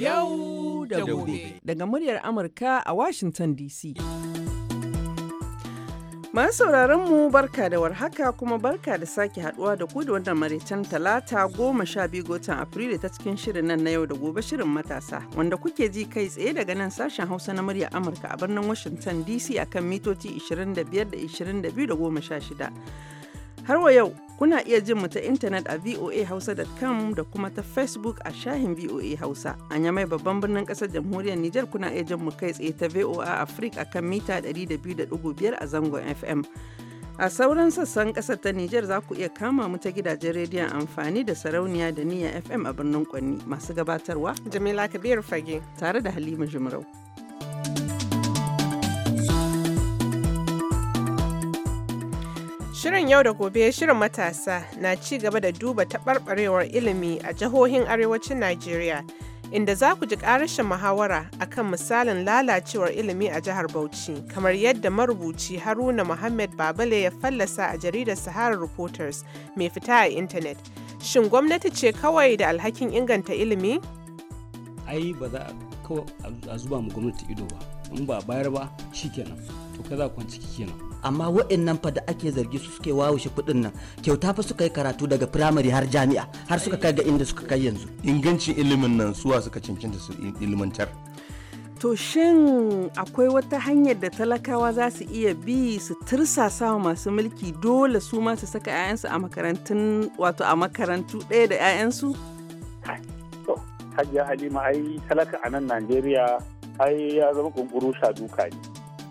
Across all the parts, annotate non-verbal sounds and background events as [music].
yau da gobe. Daga muryar Amurka a Washington DC. Masu sauraron mu barka da warhaka kuma barka da sake haduwa da ku da wannan maraicen talata goma sha biyu ga watan Afrilu ta cikin shirin nan na yau da gobe shirin matasa wanda kuke ji kai tsaye daga nan sashen Hausa na murya Amurka a birnin Washington DC akan mitoci 25 da 22 da 16. Har wa yau kuna iya jin mu ta intanet a voahausa.com da kuma ta Facebook a shahin VOA Hausa. A mai babban birnin ƙasar jamhuriyar Nijar kuna iya jin mu kai tsaye ta VOA Africa akan mita 200.5 a zangon FM. A sauran sassan kasar ta Nijar za ku iya kama mu ta gidajen rediyon amfani da sarauniya da niyya FM a birnin Kwanni masu gabatarwa. Jamila Kabir Fage. Tare da Halima Jumrau. Shirin yau da gobe shirin matasa na ci gaba da duba taɓarɓarewar ilimi a jihohin arewacin Najeriya inda za ku ji ƙarashin muhawara akan misalin lalacewar ilimi a jihar Bauchi kamar yadda marubuci Haruna Muhammad Babale ya fallasa a jaridar Sahara Reporters mai fita a intanet. Shin gwamnati ce kawai da alhakin inganta ilimi? Ai ba za a zuba mu gwamnati ido ba, in ba bayar ba to kaza kwanci kenan. amma waɗannan fa da ake zargi su suke wawushe kuɗin nan kyauta fa suka yi karatu daga firamare har jami'a har suka kai ga inda suka kai yanzu ingancin ilimin nan suwa suka cancanta su ilimantar To shin akwai wata hanyar da talakawa za su iya bi su tirsasa wa masu mulki dole su ma su saka 'ya'yansu a makarantun wato a makarantu ɗaya da ƴaƴansu hajiya Halima ai talaka a nan Najeriya ai ya zama kunkuru sha duka ne.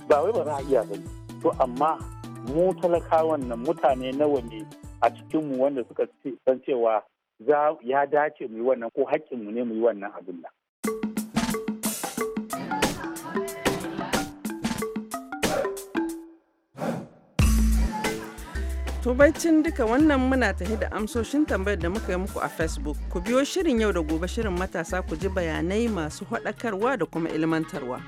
Ba wai ba za a iya ba ne. to amma mu talakawan nan mutane nawa ne a cikinmu wanda suka san cewa ya dace mu yi wannan ko haƙƙinmu ne mu yi wannan abin nan. tubaicin duka wannan muna tafi da amsoshin tambayar da muka yi muku a facebook ku biyo shirin yau da gobe shirin matasa ku ji bayanai masu haɗakarwa da kuma ilmantarwa.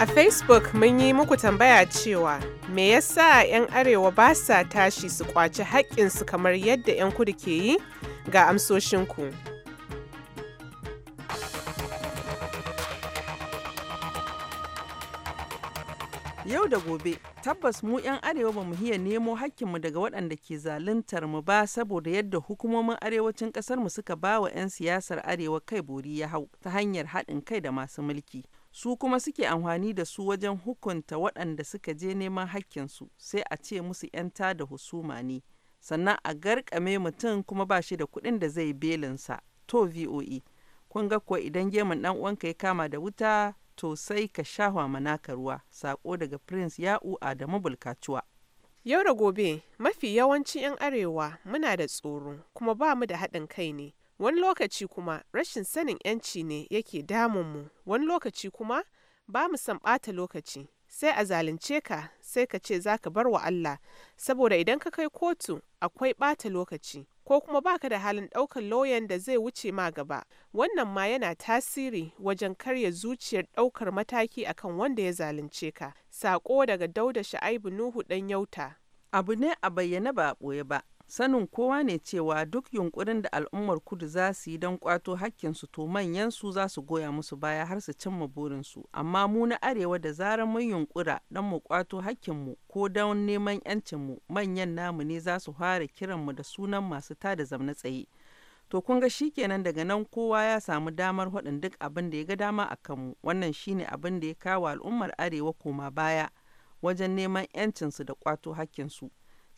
A Facebook mun yi muku tambaya cewa me yasa 'yan arewa ba sa tashi su kwaci haƙƙinsu kamar yadda 'yan kudu ke yi ga amsoshinku. Yau da gobe, tabbas mu 'yan arewa ba mu iya nemo mu daga waɗanda ke zaluntar mu ba saboda yadda hukumomin arewacin ƙasarmu suka ba wa 'yan siyasar arewa kai bori ya hau ta hanyar haɗin kai da masu mulki. su kuma suke amfani da su wajen hukunta waɗanda suka je neman hakkinsu sai a ce musu 'yanta da husuma ne sannan a garkame mutum kuma ba shi da kuɗin da zai belinsa to voe kun ga kuwa idan gemun ɗan uwanka ya kama da wuta to sai ka shahwa manaka ruwa sako daga prince ya'u adamu bulkacuwa yau da gobe mafi yawancin 'yan arewa muna da tsoro kuma ba mu da haɗin kai ne Wani lokaci kuma rashin sanin 'yanci ne yake damun mu. wani lokaci kuma ba mu son ɓata lokaci, sai a zalunce ka sai ka ce za ka bar wa Allah, saboda idan ka kai kotu akwai ɓata lokaci, ko kuma baka da halin ɗaukar lauyan da zai wuce ma gaba, wannan ma yana tasiri wajen karya zuciyar ɗaukar mataki akan wanda ya zalunce ka. Saƙo daga Dauda Sha'aibu Nuhu ɗan Yauta. Abu ne a bayyana ba a ɓoye ba, Sanin kowa ne cewa duk yunkurin da al'ummar kudu za su yi don kwato su to manyansu za su goya musu baya har su cimma burinsu, amma mu na arewa da zarar mun yunkura don mu kwato mu ko don neman 'yancinmu manyan namu ne za su fara kiranmu da sunan masu tada zamna tsaye. to kun ga kenan daga nan kowa ya samu damar haɗin duk abin da ya ga dama a kanmu wannan shine abin da ya kawo al'ummar arewa koma baya wajen neman 'yancinsu da kwato hakkinsu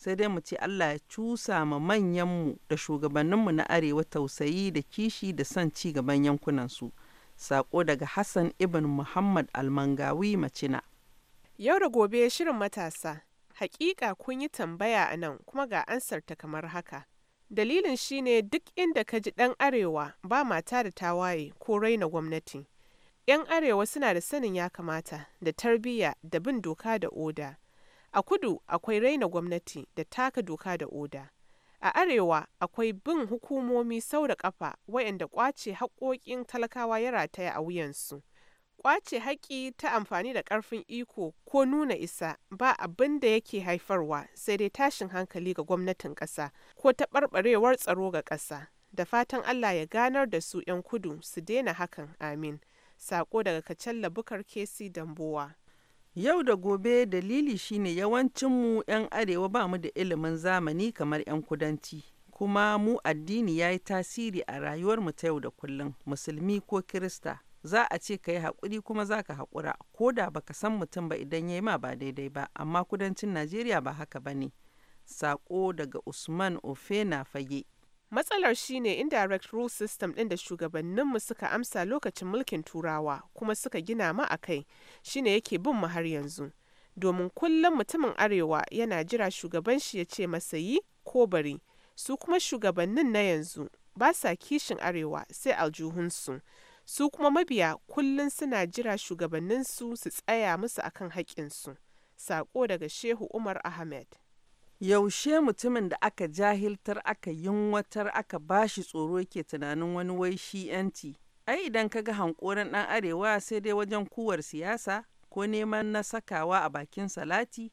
sai dai mu ce Allah ya cusa ma manyanmu da shugabanninmu na arewa tausayi da kishi da son ci gaban yankunansu. Sako daga Hassan Ibn Muhammad Almangawi Macina. Yau da gobe shirin matasa, hakika kun yi tambaya a nan kuma ga ansarta kamar haka. Dalilin shine duk inda ka ji ɗan arewa ba mata da tawaye ko raina gwamnati. 'Yan arewa suna da sanin ya kamata da tarbiyya da bin doka da oda. A kudu akwai raina gwamnati da taka doka da oda. A arewa akwai bin hukumomi sau da ƙafa wayanda ƙwace haƙƙoƙin talakawa ya rataya a wuyansu. Ƙwace haƙƙi ta amfani da ƙarfin iko ko nuna isa ba abin da yake haifarwa sai dai tashin hankali ga gwamnatin ƙasa ko taɓarɓarewar tsaro ga ƙasa. Da fatan Allah ya ganar da su 'yan kudu su daina hakan amin. Sako daga Kacalla Bukar Kesi Dambowa. Yau da gobe dalili shine yawancinmu 'yan arewa ba mu da ilimin zamani kamar 'yan kudanci, kuma mu addini ya yi tasiri a rayuwar mu ta yau da kullum, musulmi ko kirista. Za a ce ka yi haƙuri kuma za ka haƙura, ko da baka san mutum ba idan ya yi ma ba daidai ba, amma kudancin Najeriya ba haka ba ne. Sako daga Usman na Fage. Matsalar shine indirect rule system ɗin da shugabanninmu suka amsa lokacin mulkin Turawa kuma suka gina mu a kai shine yake bin mu har yanzu. Domin kullum mutumin Arewa yana jira shugaban shi ya ce masa yi ko bari, su kuma shugabannin na yanzu ba sa kishin Arewa sai aljuhunsu Su kuma mabiya kullum suna jira shugabanninsu su tsaya musu akan haƙƙinsu. Sako daga Shehu Umar Ahmed. Yaushe mutumin da aka jahiltar aka yunwatar aka bashi tsoro yake tunanin wani wai shi 'yanci. Ai idan ka ga hankoran ɗan arewa sai dai wajen kuwar siyasa ko neman na sakawa a bakin salati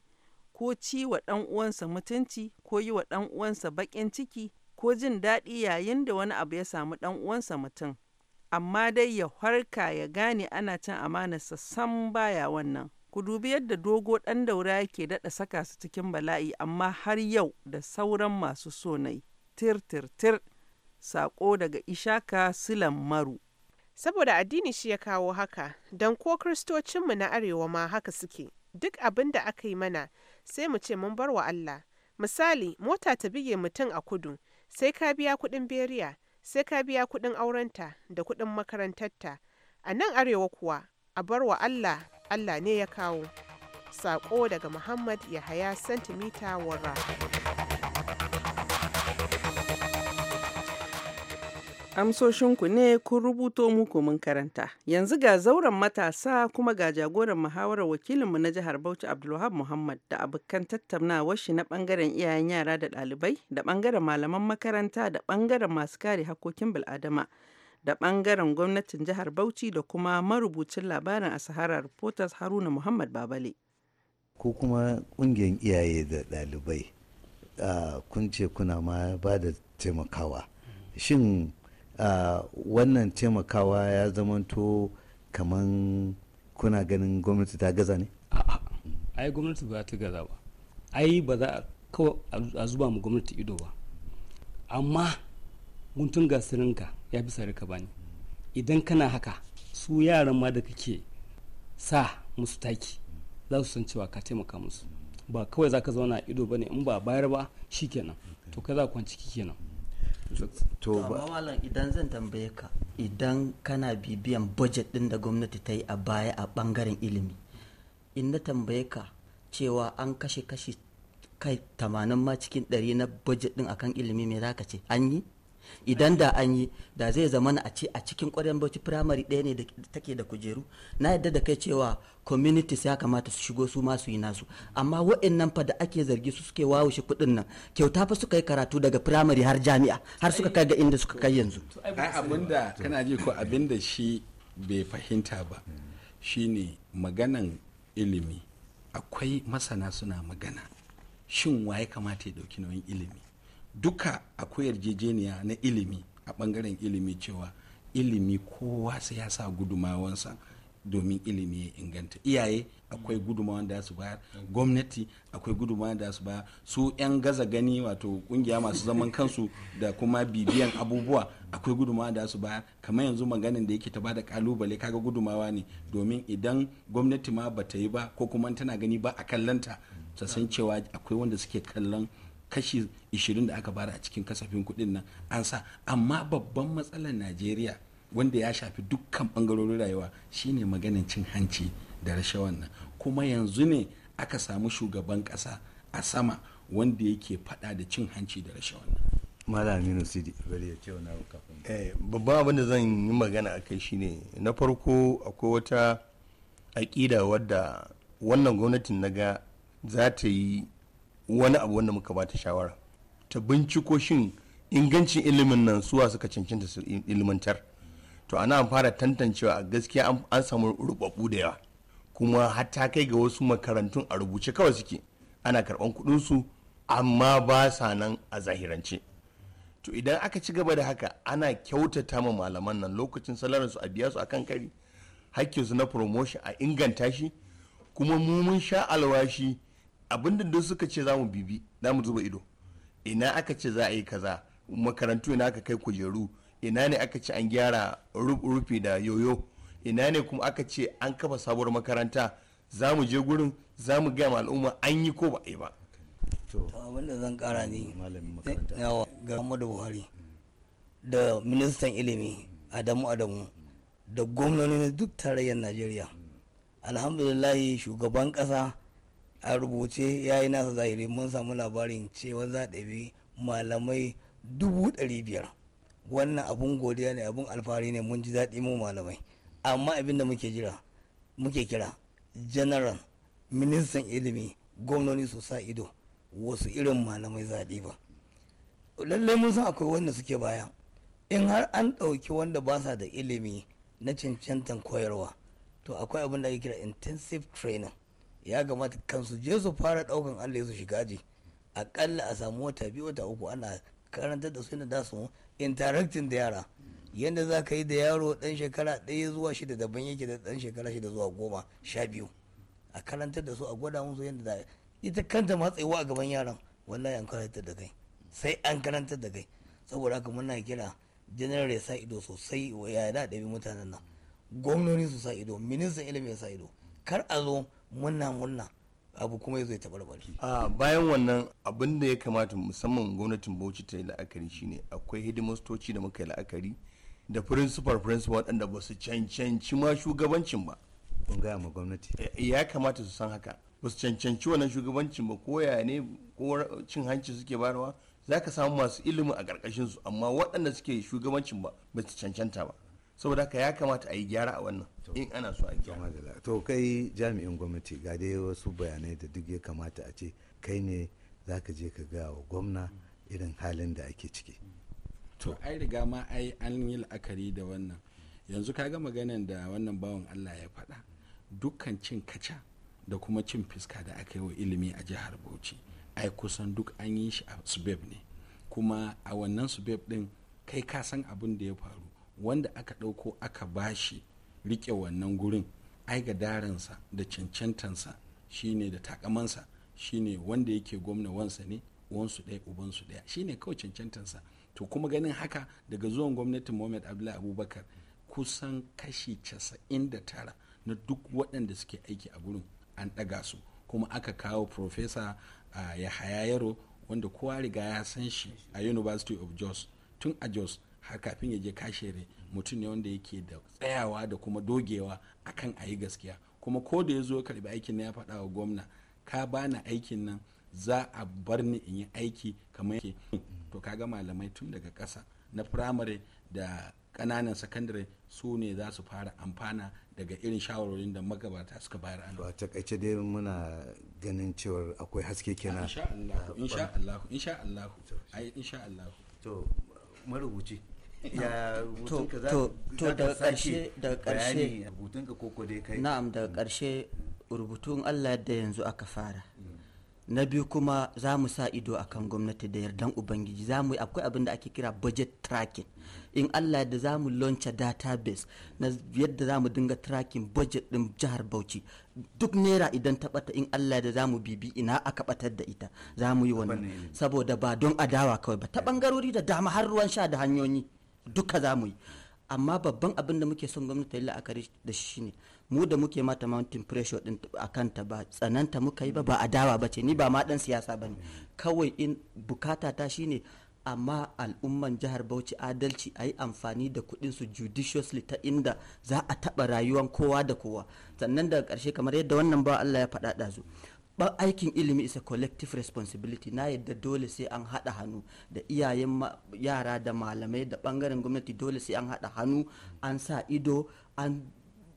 ko ci wa ɗan uwansa mutunci ko yi wa ɗan uwansa bakin ciki ko jin daɗi yayin da wani abu ya samu ɗan uwansa mutum. Amma dai ya harka ya gane ana cin amanarsa sam baya wannan. Ku dubi yadda dogo ɗan daura yake daɗa saka su cikin bala'i amma har yau da sauran masu sonai, Tir tir tir. Sako daga Ishaka Silan Maru. Saboda addini shi ya kawo haka, don ko kiristocinmu na arewa ma haka suke. Duk abin da aka yi mana sai mu ce mun bar wa Allah. Misali, mota ta bige mutum a kudu, sai ka biya kuɗin beriya, sai ka biya kuɗin aurenta da kuɗin makarantarta. A nan arewa kuwa, a bar wa Allah Allah ne ya kawo. Sako daga Muhammad Yahaya Santimita Warra. Amsoshinku ne kun rubuto muku mun karanta. Yanzu ga zauren matasa kuma ga jagoran muhawarar wakilinmu na jihar Bauchi Abdulwahab Muhammad da abokan tattaunawar shi na bangaren iyayen yara da ɗalibai da bangaren malaman makaranta da bangaren masu kare hakokin bil'adama. da ɓangaren gwamnatin jihar Bauchi da kuma marubucin labarin a Sahara Reporters Haruna Muhammad Babale. Ko kuma ƙungiyar iyaye da ɗalibai kun ce kuna ma ba da taimakawa. Shin wannan taimakawa ya zamanto kamar kuna ganin gwamnati ta gaza ne? A'a, ai gwamnati ba ta gaza ba. Ai ba za a a zuba mu gwamnati ido ba. Amma guntun gasirinka ya bisa rika bani idan kana haka su yaran ma da kake sa musu taki za su san cewa ka taimaka musu ba kawai za ka zauna ido ba ne in ba bayar ba shi kenan to kai za ku kwanci kenan to malam idan zan tambaye ka idan kana bibiyan budget din da gwamnati ta yi a baya a bangaren ilimi in na tambaye ka cewa an kashe kashi kai tamanin ma cikin dari na budget din akan ilimi me za ka ce an yi idan da an yi da zai zama a ce a cikin ƙwaryar bauchi firamare ɗaya ne take da kujeru na yadda da kai cewa communities ya kamata su shigo su ma yi nasu amma wa'annan fa da ake zargi su suke wawushe kuɗin nan kyauta fa suka yi karatu daga firamare har jami'a har suka kai ga inda suka kai yanzu da kana ji ko da shi bai fahimta ba shine maganan ilimi akwai masana suna magana shin waye kamata ya ɗauki nauyin ilimi duka akwai yarjejeniya na ilimi a bangaren ilimi cewa ilimi kowa sai ya sa gudumawansa domin ilimi ya inganta iyaye akwai gudumawan da su bayar gwamnati akwai gudumawan da su bayar su 'yan gaza gani wato kungiya masu zaman kansu da kuma bibiyan abubuwa akwai gudumawa da su bayar kamar yanzu maganin da yake ta bada kalubale kaga gudumawa ne domin idan gwamnati ma bata yi ba ko kuma tana gani ba a kallanta ta san cewa akwai wanda suke kallon kashi 20 da aka bara a cikin kasafin kuɗin nan an sa amma babban matsalar najeriya wanda ya shafi dukkan bangarorin rayuwa shine maganin cin hanci da rashawan nan kuma yanzu ne aka samu shugaban kasa a sama wanda yake fada da cin hanci da rashawan nan aminu sidi bari ya ce wani kafin eh, babban abin da zan yi magana akai shine na farko akwai wata aƙida wadda wannan gwamnatin na ga za ta yi wani abu wanda muka bata shawara ta binciko shin ingancin ilimin nan suwa suka cancanta su ilimantar to ana an fara tantancewa a gaskiya an samu rubabu da yawa kuma hatta kai ga wasu makarantun a rubuce kawai suke ana karban su amma ba sa nan a zahirance to idan aka ci gaba da haka ana kyautata ma malaman nan lokacin salarinsu a biya su a kan kari hakkinsu na promotion a inganta shi kuma mu mun sha alwashi abin da suka ce za mu bibi za mu zuba ido ina aka ce za a yi kaza makarantu ina aka kai kujeru ina ne aka ce an gyara rufi da yoyo ina ne kuma aka ce an kafa sabuwar makaranta za mu je gurin za mu gaya al'umma an yi ko ba a yi ba abin da zan kara ne ga Muhammadu Buhari da ministan ilimi Adamu Adamu da gwamnoni duk tarayyar Najeriya alhamdulillahi shugaban kasa a rubuce ya yi nasa zahiri mun samu labarin cewa za ɗabi malamai dubu ɗari biyar wannan abun godiya ne abun alfahari ne mun ji daɗi mu malamai amma abin da muke jira muke kira general ministan ilimi gwamnoni su sa ido wasu irin malamai zaɗi ba lallai mun san akwai wanda suke baya in har an ɗauki wanda ba sa da ilimi na cancantan koyarwa to akwai abin da ake kira intensive training ya kan kansu je su fara daukan allah su shiga ji akalla a samu wata biyu wata uku ana karanta da su da su interacting da yara yadda za ka yi da yaro dan shekara ɗaya zuwa shida daban yake da dan shekara shida zuwa goma sha biyu a karantar da su a gwada musu yadda za ita kanta matsayiwa a gaban yaran wallahi an karantar da kai sai an karantar da kai saboda haka muna kira general ya sa ido sosai wa yaya da ɗabi mutanen nan gwamnoni su sa ido ministan ilimin ya sa ido kar a zo muna muna abu kuma ya zo ya a bayan wannan abin da ya kamata musamman gwamnatin bauchi ta yi la'akari shine akwai hidimostoci da muka yi la'akari da principal principal waɗanda ba su cancanci ma shugabancin ba kun gaya ma gwamnati ya kamata su san haka ba su cancanci wannan shugabancin ba ko ya ne ko cin hanci suke bayarwa za ka samu masu ilimi a ƙarƙashin su amma waɗanda suke shugabancin ba ba su cancanta ba saboda haka ya kamata a yi gyara a wannan in ana so a gyara to kai jami'in gwamnati ga dai wasu bayanai da duk ya kamata a ce kai ne za ka je ka ga wa gwamna irin halin da ake ciki to ai riga ma ai an yi la'akari da wannan yanzu ka ga maganan da wannan bawan allah ya faɗa dukkan cin kaca da kuma cin fiska da aka yi wa ilimi a jihar bauchi ai kusan duk an yi shi a subeb ne kuma a wannan subeb din kai ka san abin da ya faru wanda aka ɗauko aka bashi riƙe wannan gurin ai ga daransa da cancantansa shine da takamansa shine wanda yake gwamna wansa ne wansu ɗaya ubansu ɗaya shine kawai cancantansa to kuma ganin haka daga zuwan gwamnatin mohamed abdullahi abubakar kusan kashi casa'in da tara na duk waɗanda suke aiki a gurin an ɗaga su kuma aka kawo profesa uh, yahaya yaro wanda kowa riga ya san shi a university of jos tun a jos har kafin ya je kashere mutum ne wanda yake da tsayawa da kuma dogewa akan a yi gaskiya kuma ko da ya zo karbi aikin na ya faɗa wa gwamna ka bani aikin nan za a bar ni in yi aiki kamar yake to kaga malamai tun daga ƙasa na firamare da ƙananan sakandare su ne za su fara amfana daga irin shawarorin da magabata suka bayar an a takaice dai muna ganin cewar akwai haske kenan insha Allah insha Allah to marubuci ya [laughs] da kai na'am da karshe mm. rubutun Allah da yanzu aka fara mm. na biyu kuma za mu sa ido a kan gwamnati da yardan ubangiji za mu akwai abin da ake kira budget tracking in allah da za mu launch a database na yadda za mu dinga tracking budget din jihar bauchi duk naira idan ta bata in allah da za mu bibi ina aka batar da ita za mu yi wani saboda ba don adawa kawai ba ta bangarori da dama har ruwan sha da hanyoyi duka za mu yi amma babban abin da muke son gwamnati yi la'akari da shi ne mu da muke mata mountain pressure din a kanta ba tsananta muka yi ba ba adawa ba ce ni ba ma dan siyasa ba ne kawai in bukata ta shi ne amma al'umman jihar bauchi adalci a yi amfani da kuɗin su judiciously ta inda za a taɓa rayuwan kowa da kowa sannan daga karshe kamar yadda wannan ba allah ya faɗaɗa su. aikin ilimi is a collective responsibility na yadda dole sai an haɗa hannu da iyayen yara da malamai da ɓangaren gwamnati dole sai an haɗa hannu an sa ido an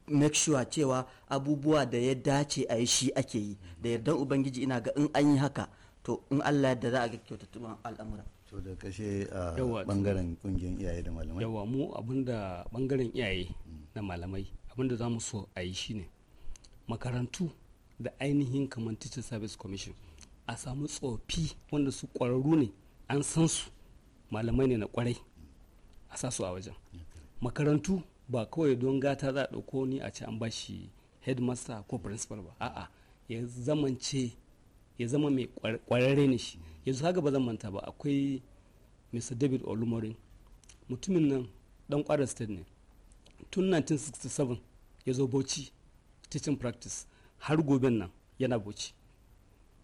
make sure cewa abubuwa da ya dace a yi shi ake yi da yardan ubangiji ina ga in an yi haka to in allah yadda za a ga kyautattun al'amura to da kashe a bangaren kungiyar iyaye da malamai yawa mu abinda bangaren iyaye mm. da malamai abinda za mu so a yi ne makarantu da ainihin kamar teacher service commission a samu tsofi wanda su ƙwararru ne an san su malamai ne na kwarai a sa su a wajen makarantu ba kawai don gata za a ɗauko ni a ci an ba shi headmaster ko principal ba a'a ya zamance ya zama mai kwararre ne shi yanzu haka ba zan manta ba akwai mr david olumorin mutumin nan dan kwarar state ne tun 1967 ya zo bauchi teaching practice har goben nan yana boci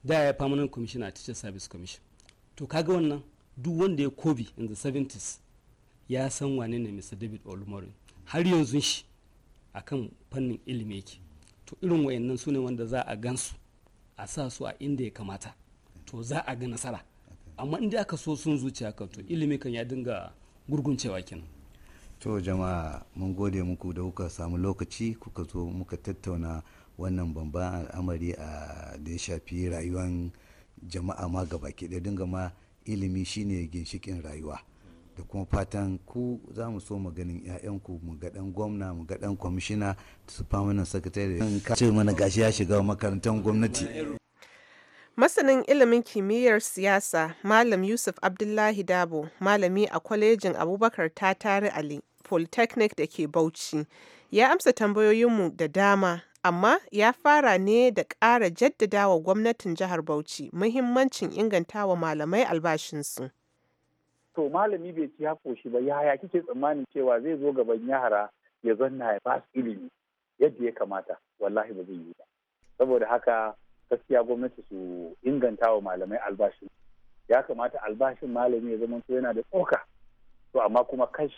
da ya permanent commission a teacher service commission to kaga wannan duk wanda ya kobi in the 70s ya san wane ne mr david olumorin har yanzu shi akan fannin ilimi yake to irin wayannan su ne wanda za a gansu a sa su a inda ya kamata to za a ga nasara amma inda aka so sun zuciya kan to ilimi kan ya dinga gurguncewa kenan to jama'a mun gode muku da kuka samu lokaci kuka zo muka tattauna wannan bamban al'amari a da ya shafi rayuwar jama'a ma gabaki da dinga ma ilimi shine ginshikin rayuwa da kuma fatan ku za mu so mu ganin 'ya'yanku mu ga dan gwamna mu ga dan kwamishina su famanin sakatare ka ce mana gashi ya shiga makarantar gwamnati masanin ilimin kimiyyar siyasa malam yusuf abdullahi dabo malami a kwalejin abubakar tatari ali polytechnic da ke bauchi ya amsa tambayoyinmu da dama amma ya fara ne da ƙara jaddadawa gwamnatin jihar Bauchi muhimmancin inganta wa malamai albashinsu. To malami bai ci ya koshi ba yaya kike tsammanin cewa zai zo gaban yara ya zanna ya ba su ilimi yadda ya kamata wallahi ba zai yi ba. Saboda haka gaskiya gwamnati su inganta wa malamai albashin. Ya kamata albashin malami ya zama yana da tsoka. To amma kuma kashi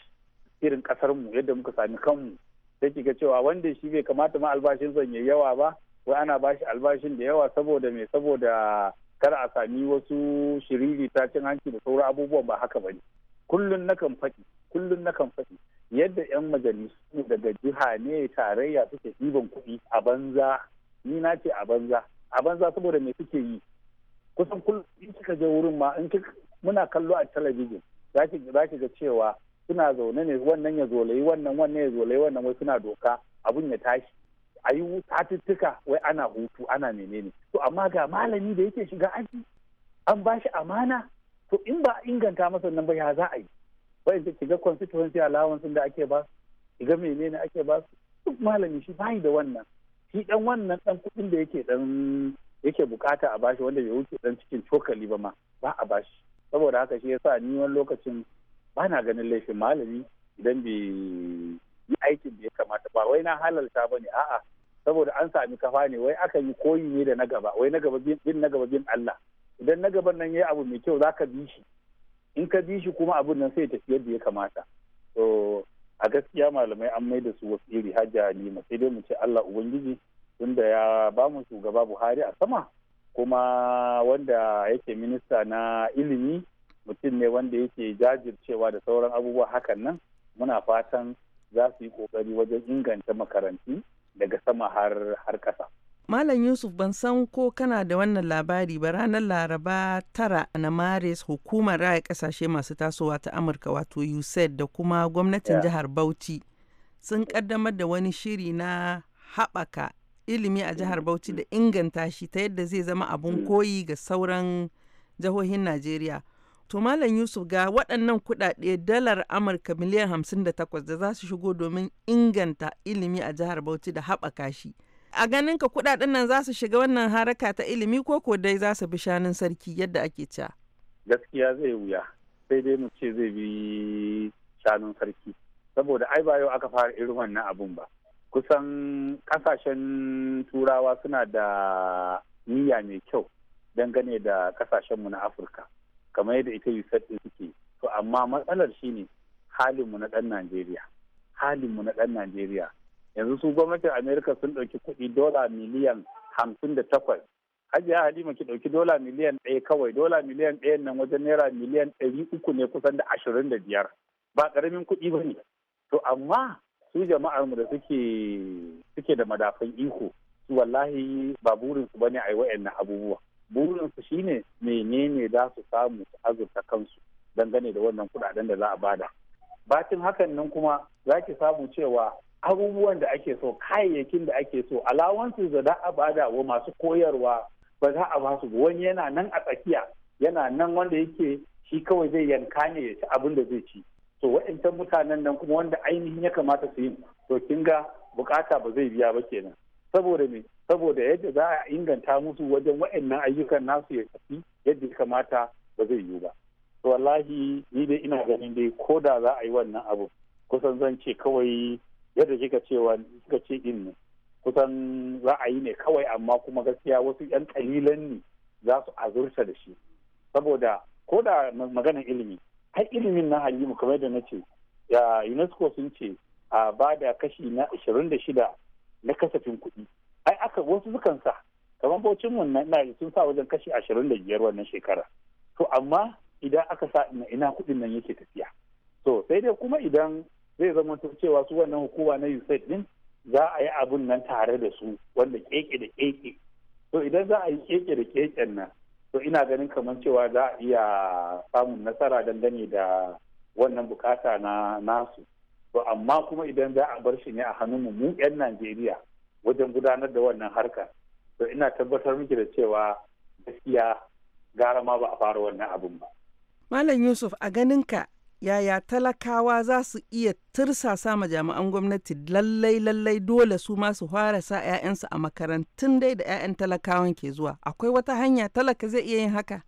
irin ƙasarmu yadda muka sami kanmu sai kika cewa wanda shi bai kamata ma albashin zan yi yawa ba wai ana bashi albashin da yawa saboda me saboda kar a sami wasu shiriri ta cin hanci da sauran abubuwan ba haka bane kullun nakan faɗi kullun nakan faɗi yadda 'yan majalisu daga jiha ne tarayya suke ɗiban kuɗi a banza ni na ce a banza a banza saboda me suke yi kusan kullum in kika je wurin ma in muna kallo a talabijin za ki ga cewa suna zaune ne wannan ya zolayi wannan wannan ya zolayi wannan wai suna doka abun ya tashi a yi satuttuka wai ana hutu ana menene to amma ga malami da yake shiga aji an ba shi amana to in ba inganta masa nan ba ya za a yi wai da kiga constituency allowance da ake ba kiga menene ake ba duk malami shi bai da wannan shi dan wannan dan kudin da yake dan yake bukata a bashi wanda bai wuce dan cikin cokali ba ma ba a bashi saboda haka shi yasa ni wani lokacin ba na ganin laifin malami idan bai yi aikin da ya kamata ba wai na halarta ba ne a'a saboda an sami kafa ne wai akan yi koyi ne da na gaba wai na gaba bin na gaba bin Allah idan na gaban nan yayi abu mai kyau zaka bi shi in ka bi shi kuma abun nan sai tafi da ya kamata to a gaskiya malamai an mai da su wasu iri hajja ma sai dai mu ce Allah ubangiji tunda ya ba mu shugaba Buhari a sama kuma wanda yake minista na ilimi mutum ne wanda yake jajircewa da sauran abubuwa hakan nan muna fatan za su yi kokari wajen inganta makaranti daga sama har har kasa Malam Yusuf ban san ko kana da wannan labari ba ranar Laraba tara na Maris hukumar raya kasashe masu tasowa ta Amurka wato USAID da kuma gwamnatin jihar Bauchi sun kaddamar da wani shiri na haɓaka ilimi a jihar mm. Bauchi da inganta shi ta yadda zai zama abun mm. koyi ga sauran jihohin Najeriya. To Malam Yusuf ga waɗannan kuɗaɗe dalar Amurka miliyan hamsin da takwas da za su shigo domin inganta ilimi a jihar Bauchi da haɓaka shi. A ganin ka kuɗaɗen nan za su shiga wannan haraka ta ilimi ko ko dai za su bi shanun sarki yadda ake ca? Gaskiya zai wuya, sai dai mu ce zai bi shanun sarki. Saboda ai ba yau aka fara irin wannan abun ba. Kusan ƙasashen turawa suna da niyya mai kyau dangane da ƙasashenmu na Afirka. kamar yadda ita yi ɗin suke to amma matsalar shine halinmu na ɗan Najeriya halinmu na ɗan Najeriya yanzu su gwamnatin Amerika sun ɗauki kuɗi dola miliyan hamsin da takwas hajiya halima ki ɗauki dola miliyan ɗaya kawai dola miliyan ɗaya nan wajen naira miliyan ɗari uku ne kusan da ashirin da biyar ba ƙaramin kuɗi ba ne to amma su jama'ar mu da suke suke da madafan iko su wallahi ba burinsu bane a yi wa'yan abubuwa burinsu shine menene za su samu su azurta kansu dangane da wannan kudaden da za a bada bacin hakan nan kuma za ki samu cewa abubuwan da ake so kayayyakin da ake so alawansu da za a bada wa masu koyarwa ba za a basu ba wani yana nan a tsakiya yana nan wanda yake shi kawai zai yanka ne ya ci abin da zai ci to waɗancan mutanen nan kuma wanda ainihin ya kamata su yi to kin ga bukata ba zai biya ba kenan saboda me saboda yadda za a inganta musu wajen wa'annan ayyukan nasu ya tafi yadda ya kamata ba zai yiwu ba to wallahi ni dai ina ganin dai ko da za a yi wannan abu kusan zan ce kawai yadda kika cewa kika ce din ne kusan za a yi ne kawai amma kuma gaskiya wasu yan kalilan ne za su azurta da shi saboda ko da maganar ilimi har ilimin na halimu kamar da na ce ya unesco sun ce a ba da kashi na 26 na kasafin kuɗi ai aka wasu sukan sa kamar bocin wannan na sun sa wajen kashi ashirin da biyar wannan shekara to amma idan aka sa ina ina kuɗin nan yake tafiya to sai dai kuma idan zai zama cewa su wannan hukuma na USAID din za a yi abun nan tare da su wanda keke da keke to idan za a yi keke da keken nan to ina ganin kamar cewa za a iya samun nasara dangane da wannan bukata na nasu to amma kuma idan za a bar shi ne a hannun mu mu 'yan Najeriya wajen gudanar da wannan harkar to ina tabbatar miki da cewa gaskiya gara ma ba a fara wannan abin ba malam yusuf a ganin ka yaya talakawa za su iya tursasa ma jami'an gwamnati lallai lallai dole su masu su fara sa 'ya'yansu a makarantun dai da 'ya'yan talakawan ke zuwa akwai wata hanya talaka zai iya yin haka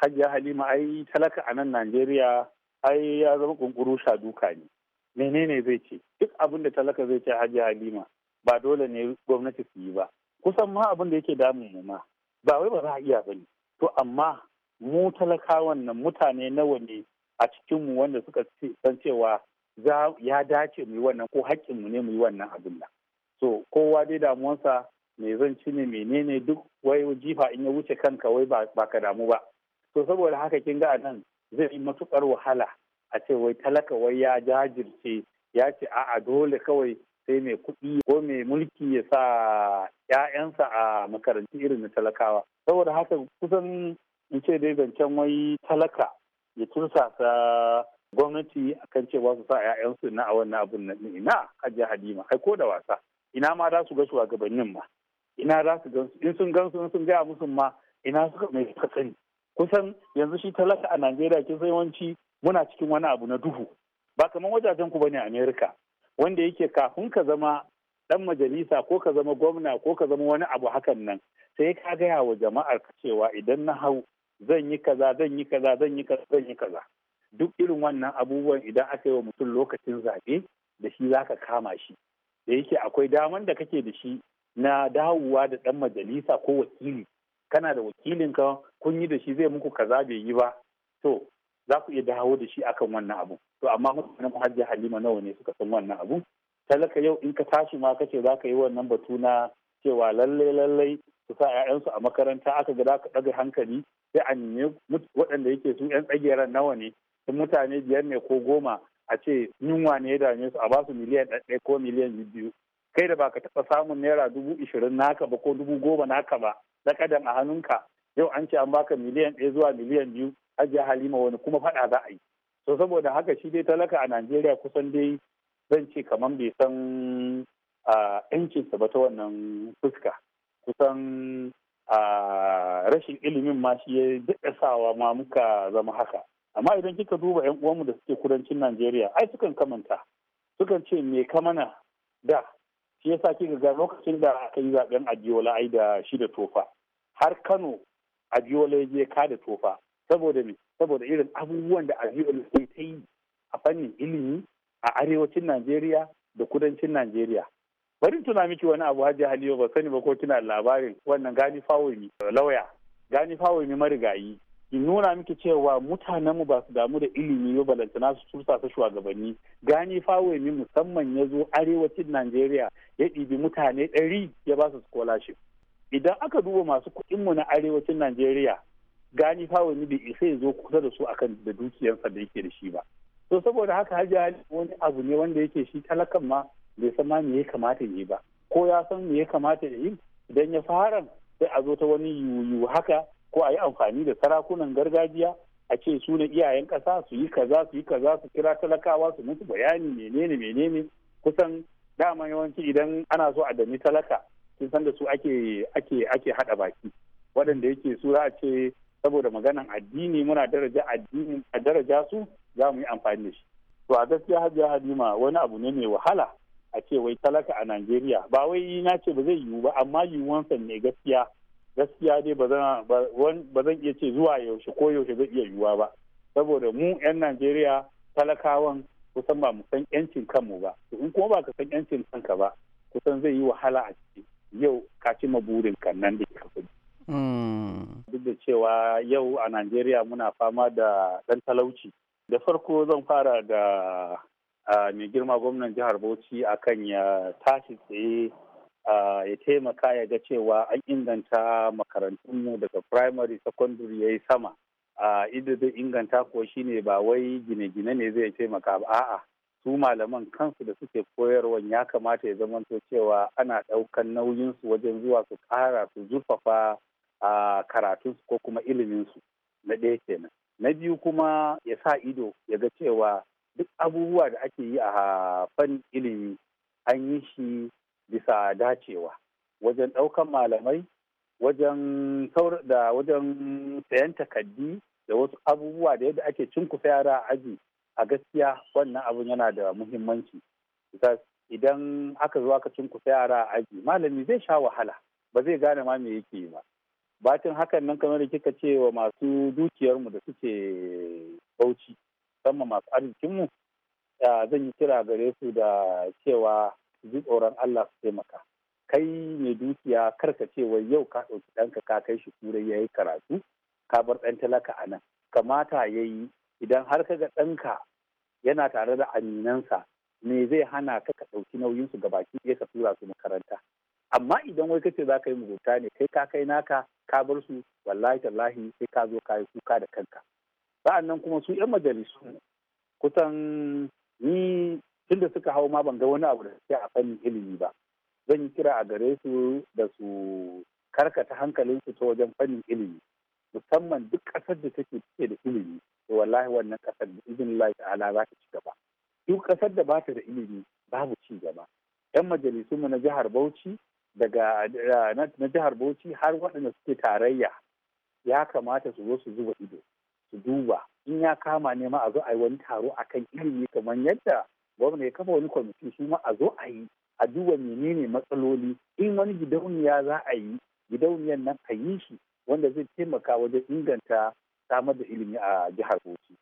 hajiya halima ai talaka a nan najeriya ai ya zama kunkuru sha duka ne menene zai ce duk abin da talaka zai ce hajji halima ba dole ne gwamnati su yi ba kusan ma abin da yake damun mu ma ba wai ba za a iya ba ne to amma mu talakawan nan mutane nawa ne a cikin mu wanda suka san cewa za ya dace mu yi wannan ko haƙƙinmu ne mu yi wannan abin nan so kowa dai damuwansa me zan ci ne menene duk wai jifa in ya wuce kanka wai ba ka damu ba to saboda haka kin ga nan zai yi matukar wahala a ce wai talaka wai ya jajirce ya ce a'a dole kawai sai mai kuɗi ko mai mulki ya sa 'ya'yansa a makarantu irin na talakawa saboda haka kusan in ce dai zancen wai talaka ya tursasa gwamnati akan cewa su sa 'ya'yansu na a wannan abun nan ina hajiya halima kai ko da wasa ina ma za su ga shugabannin ma ina za su gansu in sun gansu in sun gaya musu ma ina suka mai suka sani kusan yanzu shi talaka a najeriya kin sai wanci. muna cikin wani abu na duhu ba kamar wajajen ku bane Amerika wanda yake kafin ka zama dan majalisa ko ka zama gwamna ko ka zama wani abu hakan nan sai ka gaya wa jama'ar cewa idan na hau zan yi kaza zan yi kaza zan yi kaza zan yi kaza duk irin wannan abubuwan idan aka yi wa mutum lokacin zaɓe da shi zaka kama shi da yake akwai daman da kake da shi na dawowa da dan majalisa ko wakili kana da wakilinka kun yi da shi zai muku kaza bai yi ba to za ku iya dawo da shi akan wannan abu to amma mutanen hajji halima nawa ne suka san wannan abu talaka yau in ka tashi ma kace za ka yi wannan batu na cewa lalle lalle su sa 'ya'yansu a makaranta aka ga ka ɗaga hankali sai a nemi waɗanda yake su 'yan tsageren nawa ne sun mutane biyar ne ko goma a ce yunwa ne ya dame su a ba su miliyan ɗaya ko miliyan biyu kai da baka taɓa samun naira dubu ishirin naka ba ko dubu goma naka ba na kadan a hannunka yau an ce an baka miliyan ɗaya zuwa miliyan biyu ajiya halima wani kuma faɗa za a yi so saboda haka shi dai talaka a najeriya kusan dai zan ce kamar bai san yancinsa ba ta wannan fuska kusan rashin ilimin ma shi ya daɗa sawa ma muka zama haka amma idan kika duba yan uwanmu da suke kudancin najeriya ai sukan kamanta sukan ce me kamana da shi yasa kika ga lokacin da aka yi zaben ajiyola ai da shi da tofa har kano ajiyola ya je ka da tofa saboda me saboda irin abubuwan da abiyu ta yi a fannin ilimi a arewacin najeriya da kudancin najeriya bari tuna miki wani abu hajji Halima ba sani ba ko tuna labarin wannan gani fawimi lauya gani fawimi marigayi in nuna miki cewa mutanenmu ba su damu da ilimi ba balantana su tursa ta shugabanni gani fawimi musamman ya zo arewacin najeriya ya ɗibi mutane ɗari ya ba su scholarship idan aka duba masu kuɗinmu na arewacin najeriya gani fa wani bai isa ya zo kusa da su akan da dukiyarsa da yake da shi ba to saboda haka hajiya wani abu ne wanda yake shi talakan ma bai san ma me ya kamata ya yi ba ko ya san me ya kamata ya yi idan ya fara sai a zo ta wani yuyu haka ko a yi amfani da sarakunan gargajiya a ce su ne iyayen ƙasa su yi kaza su yi kaza su kira talakawa su mutu bayani menene menene kusan dama yawanci idan ana so a dami talaka sun san da su ake ake ake haɗa baki waɗanda yake su za a ce saboda maganan addini muna daraja addini a daraja su za mu yi amfani da shi to a gaskiya hajiya halima wani abu ne mai wahala a ce wai talaka a najeriya ba wai na ce ba zai yiwu ba amma yiwuwansa ne gaskiya gaskiya dai ba zan iya ce zuwa yaushe ko yaushe zai iya yiwuwa ba saboda mu 'yan najeriya talakawan kusan ba mu san 'yancin kanmu ba to in kuma ba ka san 'yancin kanka ba kusan zai yi wahala a ciki yau ka ci ma burin kan nan da ke Hmm. Duk da cewa yau a Najeriya muna fama da ɗan talauci. Da farko zan fara da mai girma gwamnan jihar Bauchi akan ya tashi tsaye ya taimaka ya ga cewa an inganta makarantunmu daga primary secondary ya yi sama. idan zai inganta ko shi ne ba wai gine-gine ne zai taimaka ba a'a. su malaman kansu da suke koyarwan ya kamata ya zamanto cewa ana ɗaukan nauyinsu wajen zuwa su ƙara su zurfafa a karatunsu ko kuma ilimin su na ɗaya kenan na biyu kuma ya sa ido ya ga cewa duk abubuwa da ake yi a fan ilimi an yi shi bisa dacewa wajen ɗaukan malamai wajen da wajen sayan takaddi da wasu abubuwa da yadda ake cinkusa yara a aji a gaskiya wannan abun yana da muhimmanci idan aka zo aka cinkusa yara a aji malami zai sha wahala ba zai gane ma me yake yi ba bacin hakan nan kamar da kika ce wa masu dukiyarmu da suke bauchi musamman masu arzikinmu zan yi kira gare su da cewa ji tsoron Allah su taimaka kai mai dukiya kar ka ce wai yau ka ɗauki ɗanka ka kai shi turai yayi karatu ka bar ɗan talaka a kamata yayi idan har ka ga ɗanka yana tare da aminansa me zai hana ka ka ɗauki nauyinsu gabaki ya ka tura su makaranta amma idan wai kace za ka yi mugunta ne kai ka kai naka ka bar su wallahi tallahi sai ka zo ka yi kuka da kanka nan kuma su yan majalisu kusan ni tunda suka hau ma ban ga wani abu da suke a fannin ilimi ba zan yi kira a gare su da su karkata hankalinsu ta wajen fannin ilimi musamman duk ƙasar da take cike da ilimi to wallahi wannan kasar da izinin Allah ta'ala za ta ci gaba duk ƙasar da bata da ilimi babu ci gaba yan majalisunmu na jihar Bauchi daga na jihar bauchi har waɗanda suke tarayya ya kamata su zo su zuba ido su duba in ya kama nema a zo a yi wani taro a kan ilimi kamar yadda gwamna ya kafa wani kwamiti su ma a zo a yi a duba menene matsaloli in wani gidauniya za a yi gidauniyan nan a yi shi wanda zai taimaka wajen inganta samar da ilimi a jihar bauchi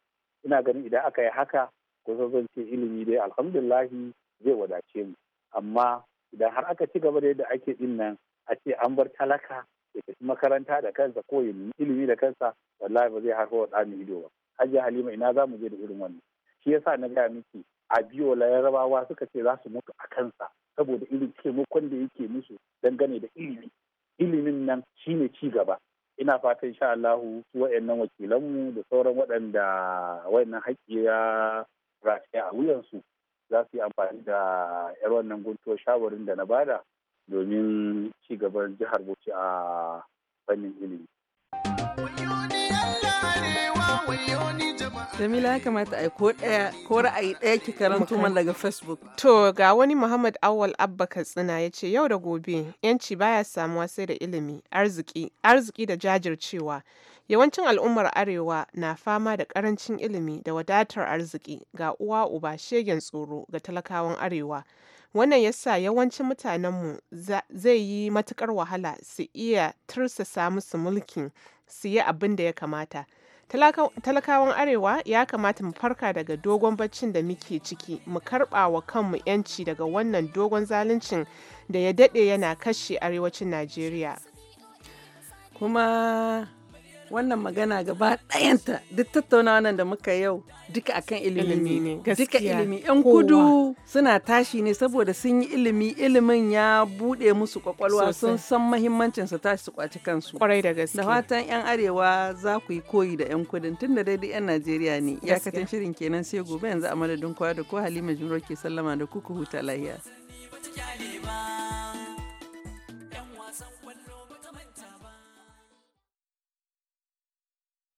ina ganin idan aka yi haka ko zan ce ilimi dai alhamdulillahi zai wadace mu amma da har aka ci gaba da yadda ake din nan a ce an bar talaka ya tafi makaranta da kansa ko ya ilimi da kansa wallahi ba zai harfa wa mu ido ba Hajji halima ina za mu je da irin wannan shi yasa na gaya miki a biyo larabawa suka ce za su mutu a kansa saboda irin taimakon da yake musu dangane da ilimi ilimin nan shine ci gaba ina fatan sha Allahu su wakilanmu da sauran waɗanda waɗannan haƙƙi ya rataya a wuyansu za su yi amfani da yar wannan guntuwar shawarin da na bada domin ci gaban jihar Bauchi a fannin ilimi. Jamila ya kamata a ko ɗaya ko ra'ayi ɗaya ki karanto man daga Facebook. To ga wani Muhammad Awal Abba Katsina ya ce yau da gobe yanci baya samuwa sai da ilimi, arziki, arziki da jajircewa. Yawancin al'ummar Arewa na fama da ƙarancin ilimi da wadatar arziki ga uwa uba shegen tsoro ga talakawan Arewa. Wannan ya sa yawancin mutanenmu zai yi matukar wahala su iya tursasa musu mulkin su yi abin da ya kamata. talakawan arewa ya kamata mu farka daga dogon baccin da muke ciki mu karɓa wa kanmu yanci daga wannan dogon zaluncin da ya daɗe yana kashe arewacin najeriya kuma wannan magana gaba ɗayanta duk tattaunawa nan da muka yau duka akan ilimi ne duka ilimi yan kudu suna tashi ne saboda sun yi ilimi ilimin ya buɗe musu kwakwalwa sun san mahimmancin su tashi su kwaci kansu kwarai da gaske da fatan yan arewa za ku yi koyi da yan kudin tunda dai yan Najeriya ne iyakacin shirin kenan sai gobe yanzu a madadin kwa da ko Halima jimroke sallama da kuku huta lahiya